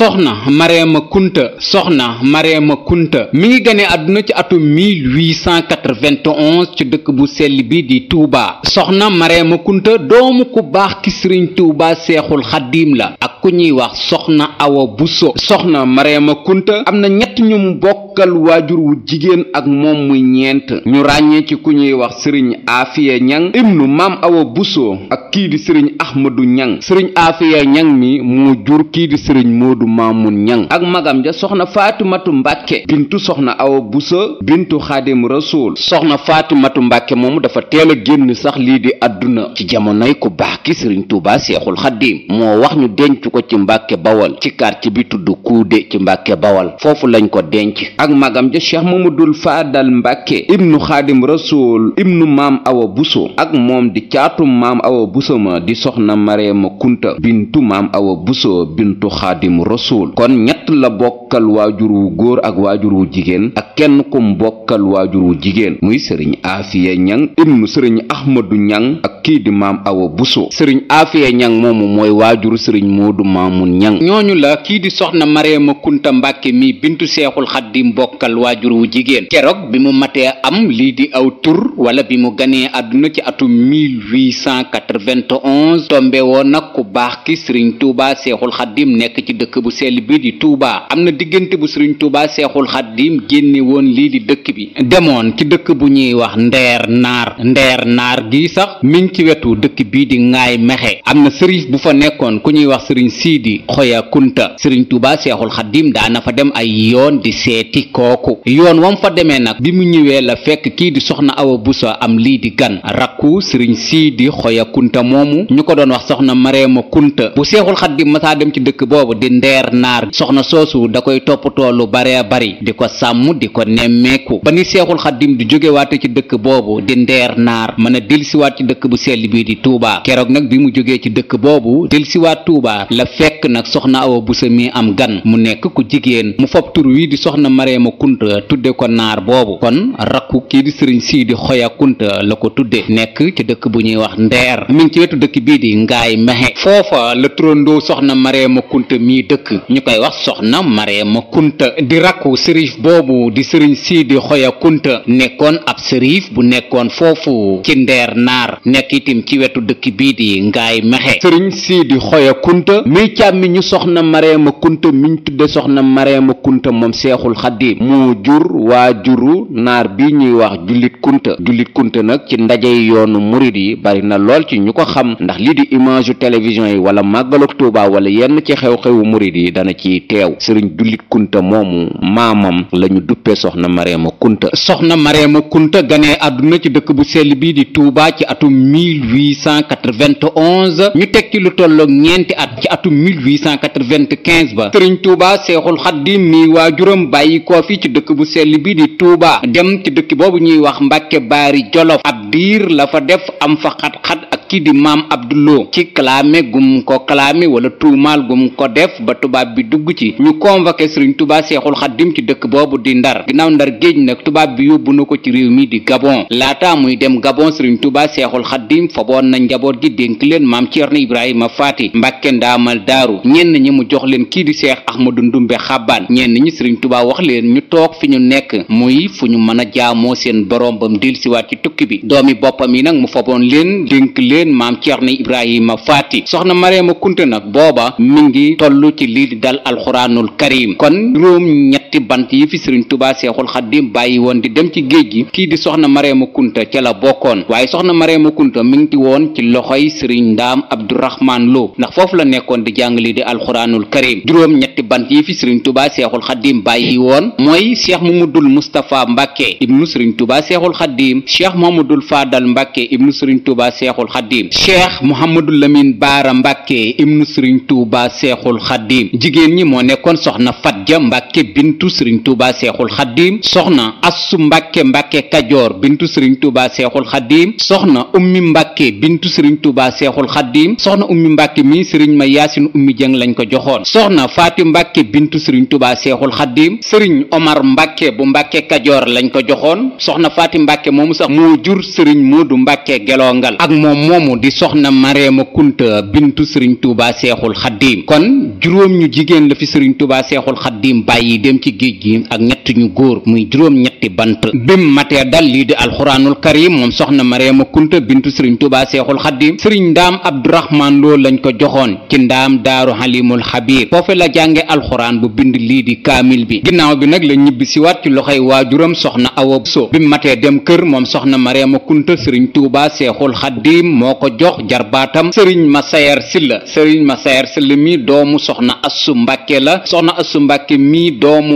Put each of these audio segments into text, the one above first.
soxna mareema kunta soxna mareema kunta mi ngi gane àdduna ci atum 1891 ci dëkk bu sell bi di Touba soxna mareema kunta doomu ku baax ki sëriñ Touba seexul xaddiim la ak ku ñuy wax soxna awa buso soxna mareema kunta am na ñett ñu mu bokkal waajur wu jigéen ak moom muy ñeent ñu ràññee ci ku ñuy wax sëriñ aafiya ñang ibnu maam awa buso ak kii di sëriñ ahmadu ñang sëriñ aafiya ñang mi moo jur kii di sëriñ moodu maamun ñang ak magam ja soxna faatumatu mbàkke bintu soxna awa buso bintu xaadim rasuul soxna faatumatu mbàkke moomu dafa teel a génn sax lii di àdduna ci jamonoy ko baax ki sëriñ tuubaa seexul xaddiim moo wax ñu denc ko ci mbàkke bawal ci quartier bi tudd kuude ci mbàkke bawal foofu lañ ko denc ak magam ja cheikh mamadul faadal mbàkke ibnu xaadim rasuul ibnu maam awa buso ak moom di caatum maam awa buso ma di soxna ma kunta bintu maam awa buso bintu rasul kon ñett la bokkal waajur wu góor ak waajur wu jigéen ak kenn kum bokkal waajur wu jigéen muy sëriñ aafiya ñang ibnu sëriñ ahmadu ñang ak kii di maam awa buso sëriñ aafiya ñang moomu mooy waajur sëriñ moo moodu maamun ñang ñooñu la kii di soxna mareema kunta mbàkke mi bintu seexul xaddim bokkal waajur wu jigéen keroog bi mu matee am lii di aw tur wala bi mu ganee àdduna ci atum 1891 tombe woon ku baax ki sëriñ tuuba seexul xaddim nekk ci dëkk dëkk bu sell bi di Touba am na diggante bu sëriñ Touba seexul xaddim génne woon lii di dëkk bi demoon ci dëkk bu ñuy wax ndeer naar ndeer naar gi sax mi ci wetu dëkk bii di ngaay mexe am na sëriñ bu fa nekkoon ku ñuy wax sëriñ siidi xoya kunta sëriñ Touba seexul xaddim daana fa dem ay yoon di seeti kooku yoon wam fa demee nag bi mu ñëwee la fekk kii di soxna awa busa am lii di gan rakku sëriñ siidi xoya kunta moomu ñu ko doon wax soxna mareema kunta bu seexul reer naar soxna soosu da koy toppatoo lu bare bari di ko sàmm di ko nemmeeku ba ni seexul xaddim di jógewaate ci dëkk boobu di ndeer naar mën a delsiwaat ci dëkk bu sell bii di tuubaa keroog nag bi mu jógee ci dëkk boobu delsiwaat tuubaa la fekk nag soxna awa busa mi am gan mu nekk ku jigéen mu fob tur wii di soxna mareema kunta tudde ko naar boobu kon rakku kii di sëriñ sii di xoya kunta la ko tudde nekk ci dëkk bu ñuy wax ndeer mi ci wetu dëkk dëkk ñu koy wax soxna Mareema Kunta di rakku sërif boobu di sëriñ Sidi Xoya Kunta nekkoon ab sërif bu nekkoon foofu ci ndeer naar nekk itim ci wetu dëkk bii di ngaay mexe sëriñ Sidi Xoya Kunta muy càmmi ñu soxna Mareema Kunta miñ tudde soxna Mareema Kunta moom seexul xaddim mu jur waa juru naar bi ñuy wax jullit kunta jullit kunta nag ci ndajey yoonu murid yi bari na lool ci ñu ko xam ndax lii di image yu yi wala màggaluk Tuuba wala yenn murid yi dana ci teew sëriñ Dullit Kunta moomu maamam la ñu duppee soxna Mareema Kunta soxna Mareema Kunta ganee àdduna ci dëkk bu sell bi di Touba ci atum 1891 ñu teg ci lu tolloog ñeenti at ci atum 1895 ba sëriñ Touba Seexul Xaddim mi waajuram bàyyi koo ci dëkk bu sell bi di Touba dem ci dëkk boobu ñuy wax Mbàkke Baari Jolof ab diir la fa def am fa xat-xat kii di maam Abdou Lo ci kalaame gum ko kalaame wala tuumaal gum ko def ba tubaab bi dugg ci ñu convoqué seriñ Tuubaa Seexul Xaddim ci dëkk boobu di Ndar ginnaaw Ndar géej nag tubaab bi yóbbu na ko ci réew mi di Gabon laata muy dem Gabon sëriñ Tuubaa Seexul Xaddim faboon na njaboot gi dénk leen maam Ceerno Ibrahima Faati Mbàkke Ndaamal Daaru ñenn ñi mu jox leen kii di Seex Ahmadu Ndumbe Xabbaan ñenn ñi sëriñ Tuubaa wax leen ñu toog fi ñu nekk muy fu ñu mën a jaamoo seen borom bam dellusiwaat ci tukki bi njaaréen maam Cerno Ibrahima Faati soxna Mariama Kunta nag booba mi ngi toll ci lii di dal alxuraanul karim kon juróom ñetti bant yi fi sëriñ tubaa seexul xaddim bàyyi woon di dem ci géej gi kii di soxna mareema kunta ca la bokkoon waaye soxna mareema kunta mi ngi woon ci loxoy sëriñ ndaam abdourahman lo ndax foofu la nekkoon di jàngale di alxuraanul karim juróom ñetti bant yi fi sëriñ tubaa seexul xaddim bàyyi woon mooy cheikh mamadul moustapha mbàkke ibnu sëriñ tubaa seexul xaddim cheikh mamadul faadal mbàkke ibnu sëriñ tubaa seexul xaddim cheikh mouhamadou lamin baara mbàkke ibnu sëriñ tubaa seexul xaddim jigéen ñi moo nekkoon soxna fatja mbàkke bint bintu sëriñ tuuba seexul xaddiim soxna assu mbàkke mbàkke kajoor bintu sëriñ tuuba seexul xaddiim soxna ummi mbàkke bintu sëriñ tuuba seexul xaddiim soxna ummi mbàkke mi sëriñ ma yaasin ummi jëng lañ ko joxoon soxna faati mbàkke bintu sëriñ tuuba seexul xaddiim sëriñ omar mbàkke bu mbàkke kajoor lañ ko joxoon soxna faati mbàkke moomu sax moo jur sëriñ moodu mbàkke gelongal ak moom moomu di soxna mareema kunta bintu sëriñ tuuba seexul xaddiim kon juróom ñu jigéen la fi sëriñ tuuba seexul xaddiim bàyyi dem ci ci géej gi ak ñett ñu góor muy juróom-ñetti bant bim matee dal lii di alxuraanul karim moom soxna mariama kunta bintu sëriñ tubaa seexul xaddim sëriñ ndaam abdurahmaan loo lañ ko joxoon ci ndaam daaru xalimul xabiir foofu la jànge alxuraan bu bind lii di kaamil bi ginnaaw bi nag la ñibbi siwaat ci loxoy waajuram soxna awa so bim matee dem kër moom soxna mariama kunta sëriñ tuubaa seexul xaddim moo ko jox jarbaatam sëriñ masayer silla sëriñ masayer silla mi doomu soxna assu mbàkke la soxna assu mbàkke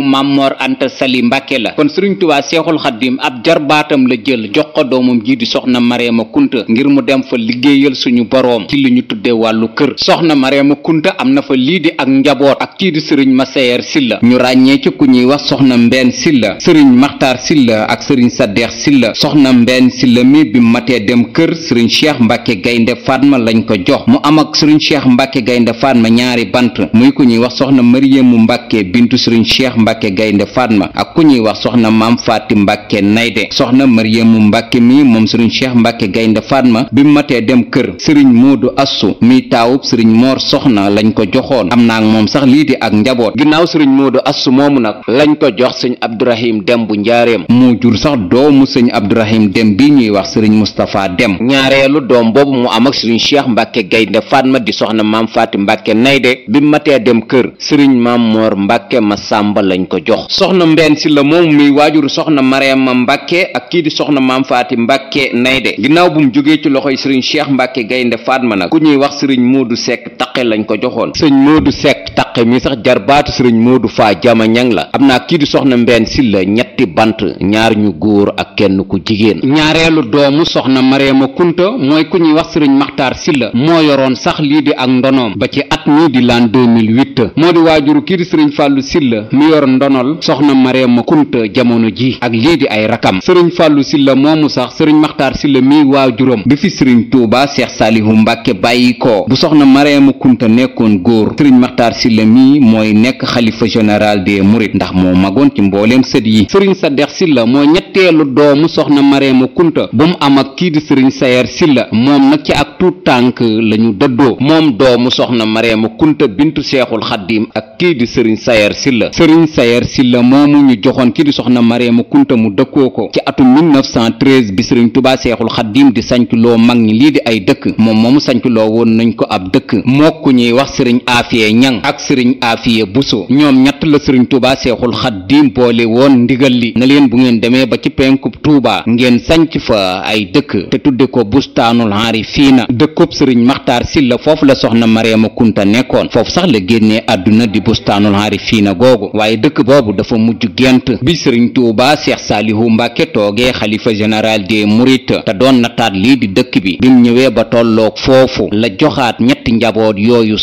Mamor Anta Sali Mbàkke la kon Sëriñ Tuubaa Seexul Xaddim ab jarbaatam la jël ko doomam ji di soxna Mariama Kunta ngir mu dem fa liggéeyal suñu boroom ci li ñu tudde wàllu kër soxna Mariama Kunta am na fa lii di ak njaboot ak kii di sëriñ Masayer Silla ñu ràññee ci ku ñuy wax soxna mbenn Silla sëriñ Maxtaar Silla ak sëriñ Sadeex Silla soxna Mbeen Silla mi bi matee dem kër sëriñ Cheikh Mbacke Gaynde Fatma lañ ko jox mu am ak sëriñ Cheikh Mbacke Gaynde Fatma ñaari bant muy ku ñuy wax soxna Mariamu Mbacke bintu sëriñ Cheikh Mbacke Gaynde Fatma ak ku ñuy wax soxna Maam Faati Mbacke Nayde soxna Mariamu mbàkke mi moom sëriñ cheikh mbàkke gaynde fatma bi mu matee dem kër sëriñ moodu assu mi taawub sëriñ moor soxna lañ ko joxoon am naa ak moom sax lii di ak njaboot ginnaaw sëriñ moodu assu moomu nag lañ ko jox sëñ abdourahim dem bu njaareem mu jur sax doomu sëñ abdourahim dem bi ñuy wax sëriñ mustapha dem ñaareelu doom boobu mu am ak sëriñ cheikh mbàkke gaynde fatma di soxna maam faati mbàkke nayde bi mu dem kër sëriñ maam moor mbàkke ma sàmba lañ ko jox soxna mbenn si la moom mi waajuru soxna mariama mbàkke ak kii di soxna maam faati mbàkke naynde ginnaaw bu mu jógee ci loxoy sëriñ cheikh mbàkke gaynde faatma nag ku ñuy wax sëriñ moodu sekk taqe lañ ko joxoon sëriñ moodu sekk taqe mi sax jarbaatu sëriñ moodu faa jama ñang la am naa kii di soxna mbenn silla ñetti bant ñaar ñu góor ak kenn ku jigéen ñaareelu doomu soxna mareema kunta mooy ku ñuy wax sëriñ maxtaar silla moo yoroon sax lii di ak ndonoom ba ci at mii di laan 2008 moo di waajuru kii di sëriñ fàllu silla mi yor ndonol soxna mareema kunta jamono ji ak lii di ay rakam sëriñ fàllu silla moomu moomu sax sëriñ maxtaar si la mi waajuram bi fi sëriñ tuuba seex saalihu mbàkke bàyyi ko bu soxna mareemu kunta nekkoon góor sëriñ maxtaar si mooy nekk xalifa général des mourides ndax moo magoon ci mbooleem sët sëriñ sa dex si la moo ñetteelu doomu soxna mareemu kunta bu mu am ak kii di sëriñ sayer si la moom nag ci ak tuut tànk la ñu dëddoo moom doomu soxna mareemu kunta bintu seexul xaddim ak kii di sëriñ sayer si la sëriñ sayer si moomu ñu joxoon 1913 bi sëriñ tubaa seexul xaddiim di sanculoo mag ñi lii di ay dëkk moom moomu sanculoo woon nañ ko ab dëkk mokku ñuy wax sëriñ aafiye ñang ak sëriñ aafiye buso ñoom natt la sëriñ tuuba seexul xaddiim boole woon ndigal li na leen bu ngeen demee ba ci penkub tuuba ngeen sanc fa ay dëkk te tudde ko bustaanul aarifiina dëkkub sëriñ maxtaar la foofu la soxna mariama kunta nekkoon foofu sax la génnee àdduna di bustaanul aarifiina googu waaye dëkk boobu dafa mujj gent bi sëriñ tuuba seex saalihu mbàkke toogee xalifa général des mourides te doon nataat lii di dëkk bi bim ñëwee ba tolloog foofu la joxaat ñetti njaboot yooyu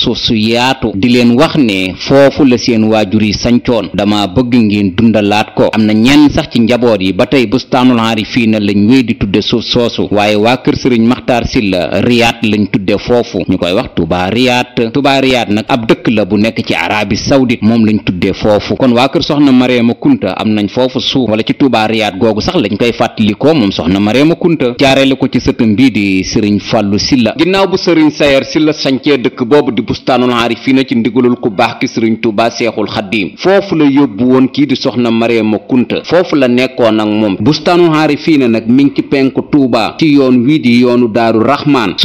yi sancoon dama bëgg ngeen dundalaat ko am na ñenn sax ci njaboot yi ba tey bustaanul aarifiina lañ wéy di tudde suuf soosu waaye waa kër sëriñ maxtaar silla riyaat lañ tudde foofu ñu koy wax tuuba riyaat riyaat tubaa riyaat nag ab dëkk la bu nekk ci arabi saoudite moom lañ tuddee foofu kon waa kër soxna Mariama Kunta am nañ foofu suuf wala ci tubaa riyaat googu sax lañ koy fàttalikoo moom soxna Mariama Kunta jaareele ko ci sëtam bii di sëriñ Fàllu Silla ginnaaw bu sëriñ Sayer Silla sancee dëkk boobu di bustaanul aarifiina ci ndigalul ku baax ki sëriñ Tuubaa Seexul Xaddiim foofu la yóbbu woon kii di soxna Mariama Kunta foofu la nekkoon ak moom bustaanul aarifiina nag mi ngi ci penku Tuubaa ci yoon wii di yoonu Daaru Raxmaan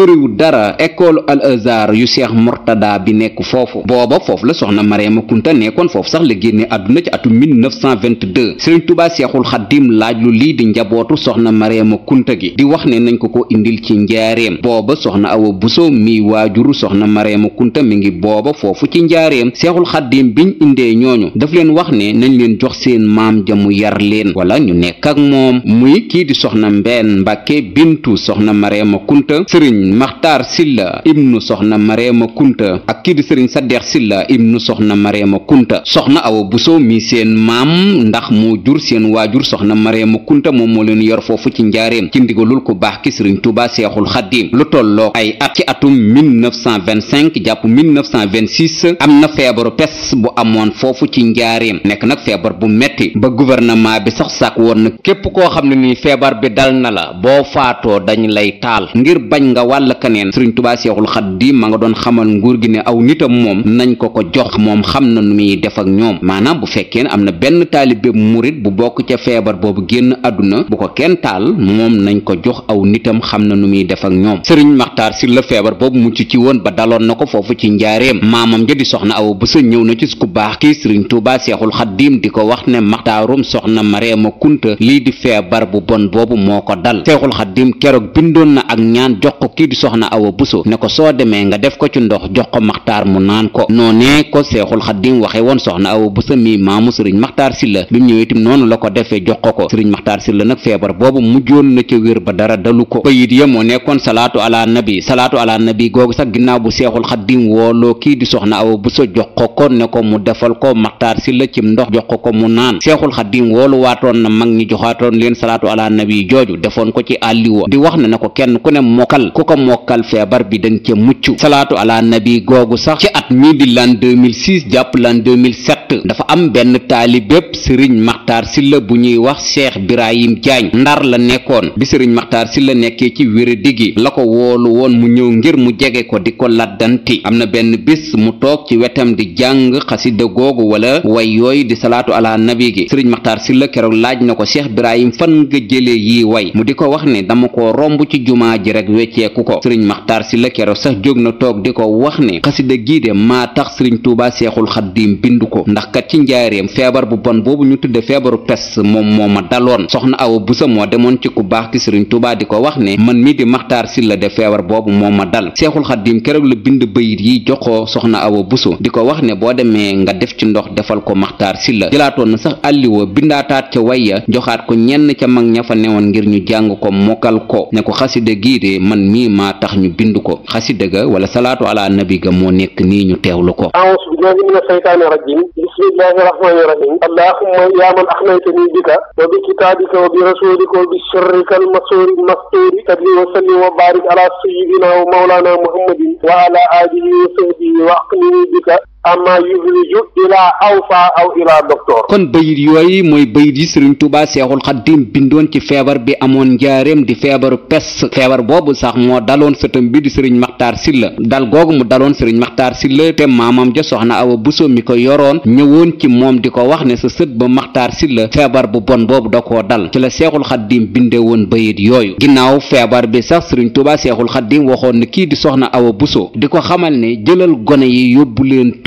mortada bi nekk foofu booba foofu la soxna mariama kunta nekkoon foofu sax la génne àdduna ci atum 1922 sëriñ tubaa seexul xaddim laaj lu lii di njabootu soxna mariama kunta gi di wax ne nañ ko ko indil ci njaareem booba soxna awa buso miy waajuru soxna mariama kunta mi ngi booba foofu ci njaareem seexul xaddim biñ indee ñooñu daf leen wax ne nañ leen jox seen maam ja mu yar leen wala ñu nekk ak moom muy kii di soxna mbenn mbàkke bintu soxna mariama kunta sëriñ maxtaar silla ibnu soxna kunta ak kii di sëriñ saddeex silla ibnu soxna mareema kunta soxna awa buso mi seen maam ndax moo jur seen waajur soxna mareema kunta moom moo leen yor foofu ci njaareem ci ndigalul ku baax ki sëriñ tuuba seexul xaddiim lu tolloo ay at ci atum 1925 jàpp 1926 am na feebaru pes bu amoon foofu ci njaareem nekk nag feebar bu metti ba gouvernement bi sax sàkk woon na képp koo xam ne nii feebar bi dal na la boo faatoo dañu lay taal ngir bañ nga wàll kaneen sëriñ tuuba seexul nguur gi ne aw nitam moom nañ ko ko jox moom xam na nu muy defak ñoom maanaam bu fekkee ne am na benn taalibe murit bu bokk ca feebar boobu génn àdduna bu ko kenn taal moom nañ ko jox aw nitam xam na nu muy def ñoom sëriñ maxtaar si la feebar boobu mucc ci woon ba daloon na ko foofu ci njaareem maamam ja di soxna awa bu ñëw na ci ku baax ki sëriñ tuuba seexul xaddiim di ko wax ne maxtaarum soxna mareema kunta lii di feebar bu bon boobu moo ko dal seexul xaddiim keroog bindoon na ak ñaan jox ko kii di soxna awa buso ne ko soo demee nga def ko ci ndox jox ko maxtaar mu naan ko noonee ko seexul xaddim waxe woon soxna awa busa mi maamu sëriñ maxtaar silla bi ñëwee itam noonu la ko defee jox ko ko sëriñ maxtaar silla nag feebar boobu mujjoon na ca wér ba dara dalu ko bayit ya moo nekkoon salaatu salaatu ala googu sax ginnaaw bu seexul xaddim wooloo kii di soxna awa busa jox ko ko ne ko mu defal ko maxtaar silla cim ndox jox ko ko mu naan seexul xaddim woolu waatoon na mag ñi joxaatoon leen salaatu ala nabi jooju defoon ko ci àlliwoo di wax ne na ko kenn ku ne mokkal ku ko mokkal feebar bi dañ ca mucc nabi googu sax ci at mii di lan 2006 jàpp lan 2007 dafa am benn taalibépp sëriñ maxtaar silla bu ñuy wax cheikh birahim jaañ ndar la nekkoon bi sëriñ maxtaar silla nekkee ci wéradi gi la ko woolu woon mu ñëw ngir mu jege ko di ko laddanti am na benn bis mu toog ci wetam di jàng xasida googu wala way yooyu di salaatu ala nabi gi sëriñ maxtaar silla keroog laaj na ko cheikh birahim fan nga jëlee yi way mu di ko wax ne dama ko romb ci jumaa ji rek wecceeku ko sëriñ maxtaar silla keroog sax wax ne xasida gii de maa tax sëriñ tuuba seexul xaddiim bind ko ndax kat ci njaareem feebar bu bon boobu ñu tudde feebaru pes moom moo ma daloon soxna awa busa moo demoon ci ku baax ki sëriñ tuuba di ko wax ne man mi di maxtaar silla de feebar boobu moo ma dal seexul xaddiim keroog la bind bayit yi jox ko soxna awa buso di ko wax ne boo demee nga def ci ndox defal ko maxtaar silla jëlaatoon na sax àlliwa bindaataat ca ya joxaat ko ñenn ca mag ña fa newoon ngir ñu jàng ko mokkal ko ne ko xasida gii de man mii maa tax ñu bind ko annabi ga moo nekk nii ñu teewlu ko aousu billahi min asheytaani rajim bismillahi rahmaani rahim allahumma yaa man axnaytani bika wa bi kitaabika wa bi rasulika wa bi sirrika almasuuri mastuuri salli wa sallim wa baarik ala sayyidina wa mawlana muhammadin wa ala alihi wa sahbihi wa aqnini bika amma yuhriju ilaa kon bayit yooyu mooy bayit yi sëriñ tubaa seexul xaddim bindoon ci feebar bi amoon njaareem di feebaru pes feebar boobu sax moo daloon sëtam bi di sëriñ maxtaar silla dal googu mu daloon sëriñ maxtaar silla te maamam ja soxna awa buso mi ko yoroon ñëwoon ci moom di ko wax ne sa sët ba maxtaar silla feebar bu bon boobu da koo dal ci la seexul xaddim binde woon bayit yooyu ginnaaw feebar bi sax sëriñ tubaa seexul xaddim waxoon ne kii di soxna awa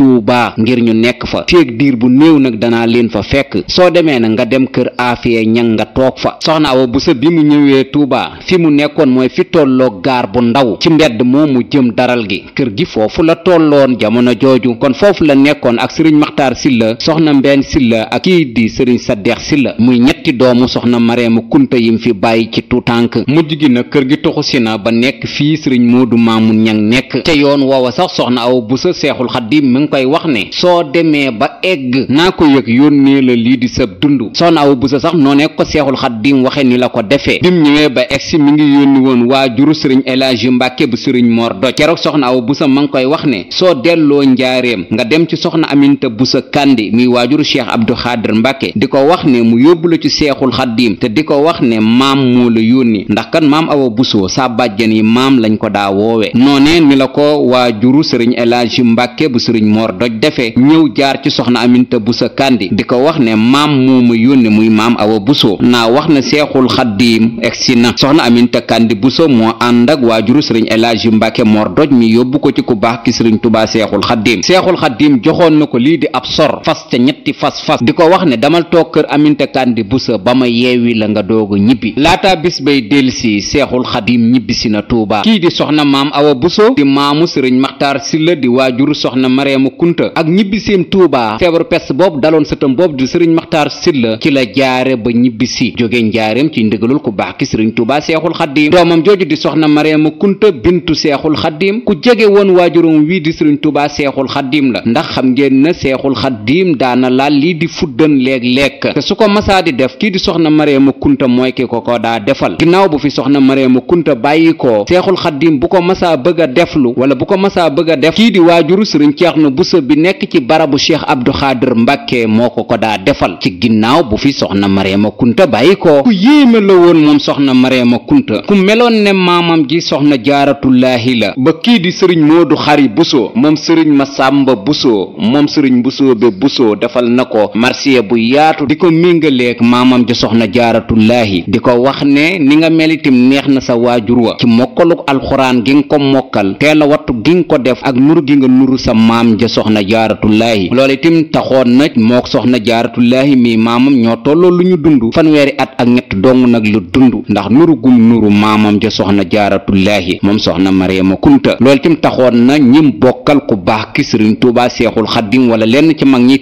Touba ngir ñu nekk fa féeg diir bu néew nag danaa leen fa fekk soo demee na nga dem kër Afia ñan nga toog fa soxna Awa Buso bi mu ñëwee tuuba fi mu nekkoon mooy fi tolloo gaar bu ndaw ci mbedd mu jëm daral gi kër gi foofu la tolloon jamono jooju kon foofu la nekkoon ak sëriñ Maxtaar Silla soxna Mbeeñ Silla ak kii di sëriñ Sadeex Silla muy ñett ñetti doomu soxna mareema kunta yim fi bàyyi ci tuutànk mujj gi na kër gi toxu na ba nekk fii sëriñ moodu maamun ñang nekk te yoon woowa sax soxna aw bu sa seexul xaddim mi ngi koy wax ne soo demee ba egg naa ko yëg yónnee la lii di sab dund soxna aw bu sa sax noo ne ko seexul xaddim waxe ni la ko defee bim ñëwee ba egsi mi ngi yónni woon waajuru sëriñ elaaji mbàkke bu sëriñ moor doj keroog soxna aw bu sa ma ngi koy wax ne soo delloo njaareem nga dem ci soxna aminta bu sa kandi muy waajuru cheikh abdou xaadir mbàkke di ko wax ne mu yóbbu la ci seexul xaddiim te di ko wax ne maam moo la yónni ndax kan maam awa busoo sa bàjjen yi maam lañ ko daa woowe noonee ni la ko waajuru sëriñ elaaji mbàkke bu sëriñ moor doj defee ñëw jaar ci soxna aminta busa kandi di ko wax ne maam moo ma yónni muy maam awa busoo naa wax na seexul xaddiim egsi na soxna aminta kandi buso moo ànd ak waajuru sëriñ elaaji mbàkke moor doj mi yóbbu ko ci ku baax ki sëriñ tubaa seexul xaddiim seexul xaddiim joxoon na ñetti fas-fas di ko wax ne damal toog kër Aminta Kande Bousso ba ma yeewi la nga doogu ñibbi laata bis bay dellusi seexul xadim ñibbisi na Tuuba kii di soxna maam Awa Bousso di maamu sëriñ Maxtaar Silla di waajuru soxna Mareemu Kunta ak ñibbiseem Tuuba feebaru pes boobu daloon sëtam boobu di sëriñ Maxtaar Silla ci la jaare ba ñibbisi jóge njaareem ci ndigalul ku baax ki sëriñ Tuuba seexul xadim doomam jooju di soxna Mareemu Kunta bintu seexul xadim ku jege woon waajurum wii di sëriñ Tuuba seexul xadim la ndax xam ngeen na seexul xadim laal lii di fuddën léeg-léeg te su ko masaa di def kii di soxna Mariama Kunta mooy ki ko ko daa defal ginnaaw bu fi soxna Mariama Kunta bàyyi ko seexul xaddim bu ko masaa bëgg a deflu wala bu ko masaa bëgg a def kii di waajuru sëriñ ceex Ceerno Buso bi nekk ci barabu cheikh Abdou Xaadir Mbàkke moo ko ko daa defal ci ginnaaw bu fi soxna Mariama Kunta bàyyi ko ku yéeme la woon moom soxna Mariama Kunta ku meloon ne maamam ji soxna jaaratullaahi la ba kii di sëriñ Moodu Xari Buso moom sëriñ Masàmba Buso moom sëriñ Buso be Buso dafa defal na ko marsiya bu yaatu di ko méngaleeg maamam ji soxna jaaratullaahi di ko wax ne ni nga mel itam neex na sa waajur wa ci mokkaluk alxuraan gi nga ko mokkal teel a wattu gi nga ko def ak nuru gi nga nuru sa maam ja soxna jaaratullaahi loolu itam taxoon na moo soxna jaaratullaahi mii maamam ñoo tolloo lu ñu dund fanweeri at ak ñett dong nag lu dund ndax nuru gum nuru maamam ja soxna jaaratullaahi moom soxna mariama kunta loolu itam taxoon na ñim bokkal ku baax ki sëriñ tuubaa seexul xaddim wala lenn ci mag ñi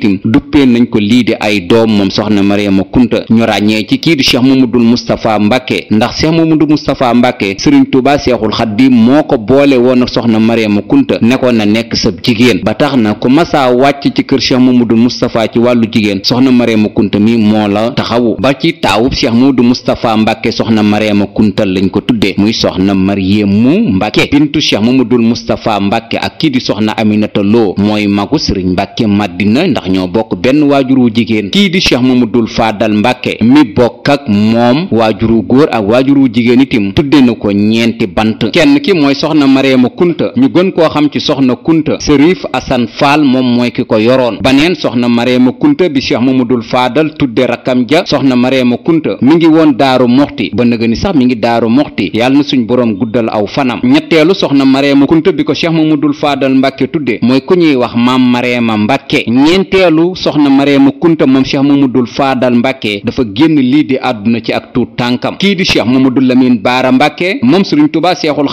duppee nañ ko lii di ay doom moom soxna Mariama Kunta ñu ràññee ci kii di cheikh Mamadou Moustapha Mbacke ndax cheikh Mamadou Moustapha Mbacke Serigne Touba Cheikhoul Khadim moo ko boole woon ak soxna Mariama Kunta nekkoon na nekk sa jigéen ba tax na ku masaa wàcc ci kër cheikh Mamadou Moustapha ci wàllu jigéen soxna Mariama Kunta mi moo la taxawu ba ci taawub cheikh Mamadou Moustapha Mbacke soxna Mariama Kunta lañ ko tuddee muy soxna Mariamu Mbacke bintu cheikh Mamadou Moustapha Mbacke ak kii di soxna Aminata Lo mooy magu Serigne Mbacke Madina ndax ñoo bokk benn waajur wu jigéen kii di cheikh dul faadal mbàkke mi bokk ak moom waajur góor ak waajur wu jigéen itim tudde na ko ñeenti bant kenn ki mooy soxna mareema kunta ñu gën koo xam ci soxna kunta sërif asan faal moom mooy ki ko yoroon baneen soxna mareema kunta bi cheikh dul faadal tudde rakkam ja soxna mareema kunta mu ngi woon daaru moxti ba nëgëni sax mi ngi daaru moxti yàlla na suñu borom guddal aw fanam ñetteelu soxna mareema kunta bi ko cheikh mamadul faadal mbàkke tudde mooy ku ñuy wax maam mareema mbàkke ñeenteelu soxna Mariama Kunta moom Cheikh Mamadul Faadal Mbàkke dafa génn lii di àdduna ci ak tuut tànkam kii di Cheikh Mamadul Lamin Baara Mbàkke moom Sëriñ Tuubaa Seexul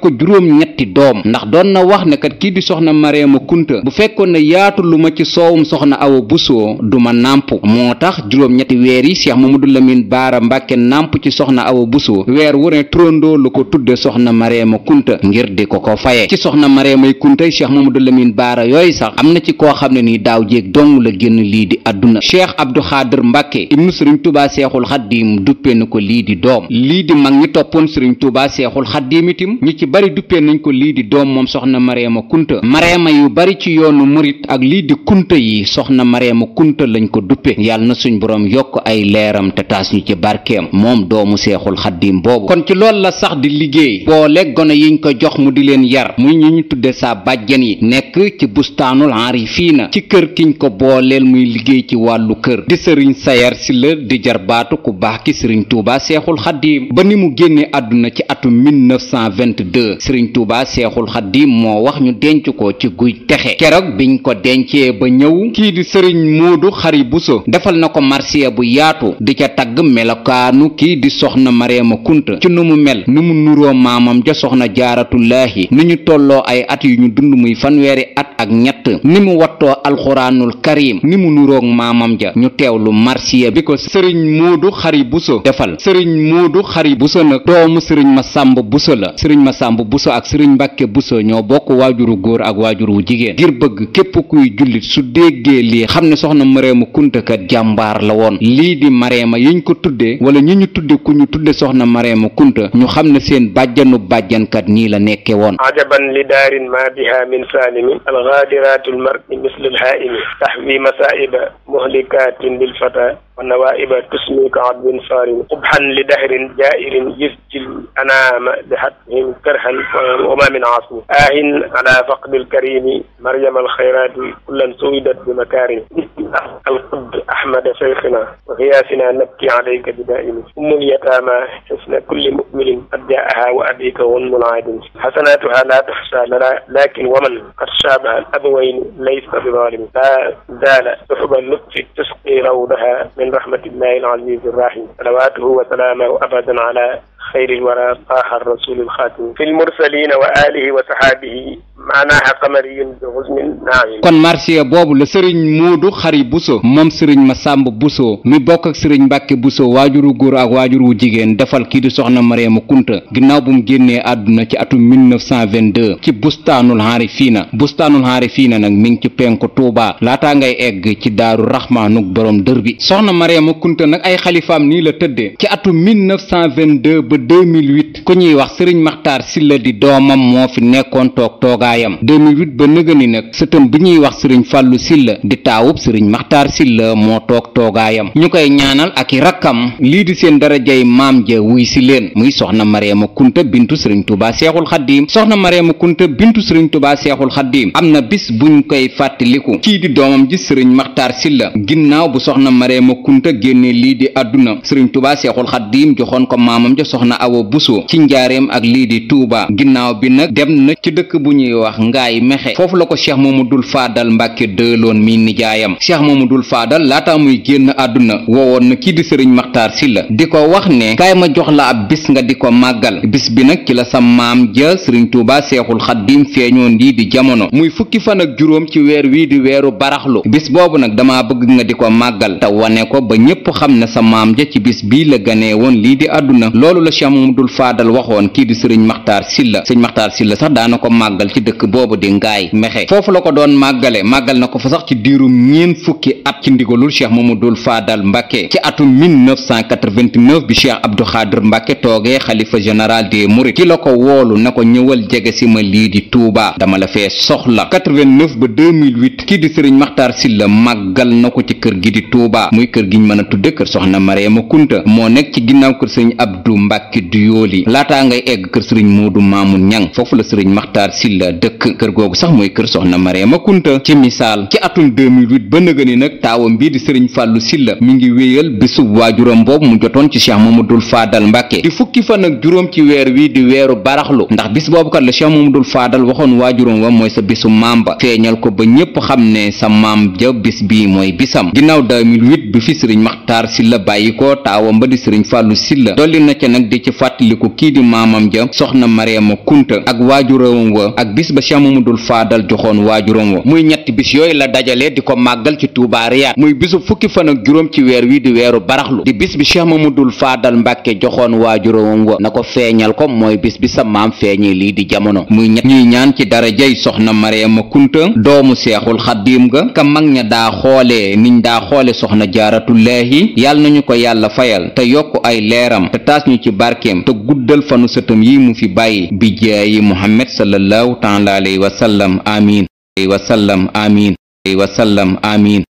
ko juróom-ñetti doom ndax doon na wax ne kat kii di soxna Mariama Kunta bu fekkoon ne yaatu lu ma ci soowum soxna Awa Buso du ma nàmp moo tax juróom-ñetti weer yi Cheikh Mamadul Lamin Baara Mbàkke nàmp ci soxna Awa Buso weer wu ne turandoo lu ko tudde soxna Mariama Kunta ngir di ko ko faye ci soxna Mariamay Kunta Cheikh Mamadul Lamin Baara yooyu sax am na ci koo xam ne nii daaw jéeg dong la génn lii di àdduna cheikh abdou xaadir mbàkke ibnu sëriñ tubaa seexul xaddiim duppee na ko lii di doom lii di mag ñi toppoon sëriñ tubaa seexul xaddiim itim ñi ci bari duppee nañ ko lii di doom moom soxna mareema kunta mareema yu bari ci yoonu murit ak lii di kunte yi soxna mareema kunta lañ ko duppe yàlla na suñ boroom yokk ay leeram te taas ñu ci barkeem moom doomu seexul xaddiim boobu kon ci loolu la sax di liggéey boole gone yiñ ko jox mu di leen yar muy sa bàjjen booleel muy liggéey ci wàllu kër di sëriñ sayar silla di jarbaatu ku baax ki sëriñ tuuba seexul xaddiim ba ni mu génnee àdduna ci atum 1922 sëriñ tuuba seexul xaddiim moo wax ñu denc ko ci guy texe keroog biñ ko dencee ba ñëw kii di sëriñ moodu xari buso defal na ko marsiya bu yaatu di ca tagg melokaanu kii di soxna mareema kunta ci nu mu mel ni mu nuroo maamam ja soxna jaaratullaahi ni ñu tolloo ay at yu ñu dund muy fanweeri at ak ñett ni mu wattoo alxuraanul karim ni mu nuroog maamam ja ñu lu marsiya bi ko sëriñ yi bu buso defal sëriñ du xar moodu xari buso nag doomu sëriñ ma bu buso la sëriñ ma bu buso ak sëriñ mbàkke buso ñoo bokk waajuru góor ak waajur wu jigéen ngir bëgg képp kuy jullit su déggee lii xam ne soxna mareema kuntakat jàmbar la woon lii di mareema yiñ ko tuddee wala ñi ñu tuddee ku ñu tudde soxna mareema kunta ñu xam ne seen bàjjanu bàjjankat nii la nekke woon ajaban bi masaiba muhlikatin lil fata wa nawaiba tusmika abdin farin qubhan li dahrin jairin yisjil anama bihatmihim karhan wama min aasmi ahin ala faqdi lkarimi mariama alxayrati kullan suwidat bi makarim alqud ahmada shaykhina wa xiyaasina nabki alayka bi daimi ummul yatama xisna kulli muminin qad jaaha wa abika gunmun aadin xasanatuha la tuxsa lana lakin waman qad shaabaha al abwayni laysa bi zalimin la zala suxba lutfi tusqi rawdaha min min rahmatillahi al-aziz ar-rahim salawatuhu wa salamuhu abadan ala xayril wara taaha rasulil xaatim fil mursalina wa alihi kon marsiya boobu la sëriñ Moodu Xari Buso moom sëriñ ma Masamba Buso mi bokk ak sëriñ Mbàkke Buso waajuru góor ak waajur wu jigéen defal kii di soxna Mariama Kunta ginnaaw bu mu génnee àdduna ci atum 1922 ci bustaanul haarifiina bustaanul haarifiina nag mi ngi ci penk tuuba laataa ngay egg ci daaru raxmaanuk borom dër bi soxna Mariama Kunta nag ay xalifaam nii la tëddee ci atum 1922 2008 ku ñuy wax sëriñ maxtaar silla di doomam moo fi nekkoon toog toogaayam 2008 ba nëgëni nag sëtam bi ñuy wax sëriñ fàllu silla di taawub sëriñ maxtaar silla moo toog toogaayam ñu koy ñaanal ak i rakkam lii di seen darajay maam ja wuy si leen muy soxna mariama kunta bintu sëriñ tubaa seexul xaddiim soxna mariama kunta bintu sëriñ tubaa seexul xaddiim am na bis bu ñu koy fàttaliku kii di doomam ji sëriñ maxtaar silla ginnaaw bu soxna mariama kunta génn lii di àdduna sëriñ tubaa seexul xaddiim joxoon ko maamam ja soxna soxna awa buso ci njaareem ak lii di tuuba ginnaaw bi nag dem na ci dëkk bu ñuy wax ngaay mexe foofu la ko cheikh dul faadal mbàkke dëeloon mi nijaayam cheikh dul faadal laata muy génn àdduna wowoon na kii di sëriñ maxtaar silla di ko wax ne kaay ma jox la ab bis nga di ko màggal bis bi nag ci la sa maam ja sëriñ tuuba seexul xaddim feeñoon lii di jamono muy fukki fan ak juróom ci weer wii di weeru baraxlu bis boobu nag dama bëgg nga di ko màggal te wane ko ba ñépp xam ne sa maam ja ci bis bii la ganee woon lii di àdduna loolu la mu dul faadal waxoon kii di sëriñ maxtaar silla sëriñ maxtaar silla sax daana ko màggal ci dëkk boobu di ngaay mexe foofu la ko doon màggale 1989 bi cheikh abdou xaadir mbàkke toogee xalifa général des mourides ki la ko woolu na ko ñëwal jege si ma lii di tuubaa dama la fee soxla 89 ba 2008 kii di sëriñ maxtaar silla màggal na ko ci kër gi di tuubaa muy kër giñ mën a tudde kër soxna ma kunta moo nekk ci ginnaaw kër sëriñ abdu mbàkke du yooli laataa ngay egg kër sëriñ du maamun ñang foofu la sëriñ maxtaar silla dëkk kër googu sax mooy kër soxna ma kunta ci misaal ci atum 2008 ba nëgëni nag taawa bii di sëriñ fàllu silla mi ngi waajuram boobu mu jotoon ci cheikh mamadul faadal mbàkke di fukki fan ak juróom ci weer wi di weeru baraxlu ndax bis boobu kat la cheikh mamadul faadal waxoon mooy sa bisu bi mooy bisam ginnaaw 2008 bi fi sëriñ maxtaar silla bàyyi ko taawam ba di sëriñ fàllu silla na ca nag di ci kii di maamam ja soxna mariama kunta ak waajuram wa ak bis ba cheikh faadal joxoon wa muy ñetti bis yooyu la dajale di ko màggal ci tuubaa riyaat muy bisu fukki fan ak juróom ci weer wi di weeru baraxlu bis bi cheikh dul faadal mbàkke joxoon waajuróomam wa na ko feeñal ko mooy bis bi sa maam feeñee lii di jamono muy ñett ñuy ñaan ci darajay soxna mariama kunta doomu seexul xaddiim ga ka mag ña daa xoolee niñ daa xoole soxna jaaratullaahi yàlla nañu ko yàlla fayal te yokk ay leeram te taas ñu ci barkeem te guddal fanu sëtam yi mu fi bàyyi bi jaayi muhammad sallallahu taala alayhi wa sallam amiin wa sallam amiin wa sallam amiin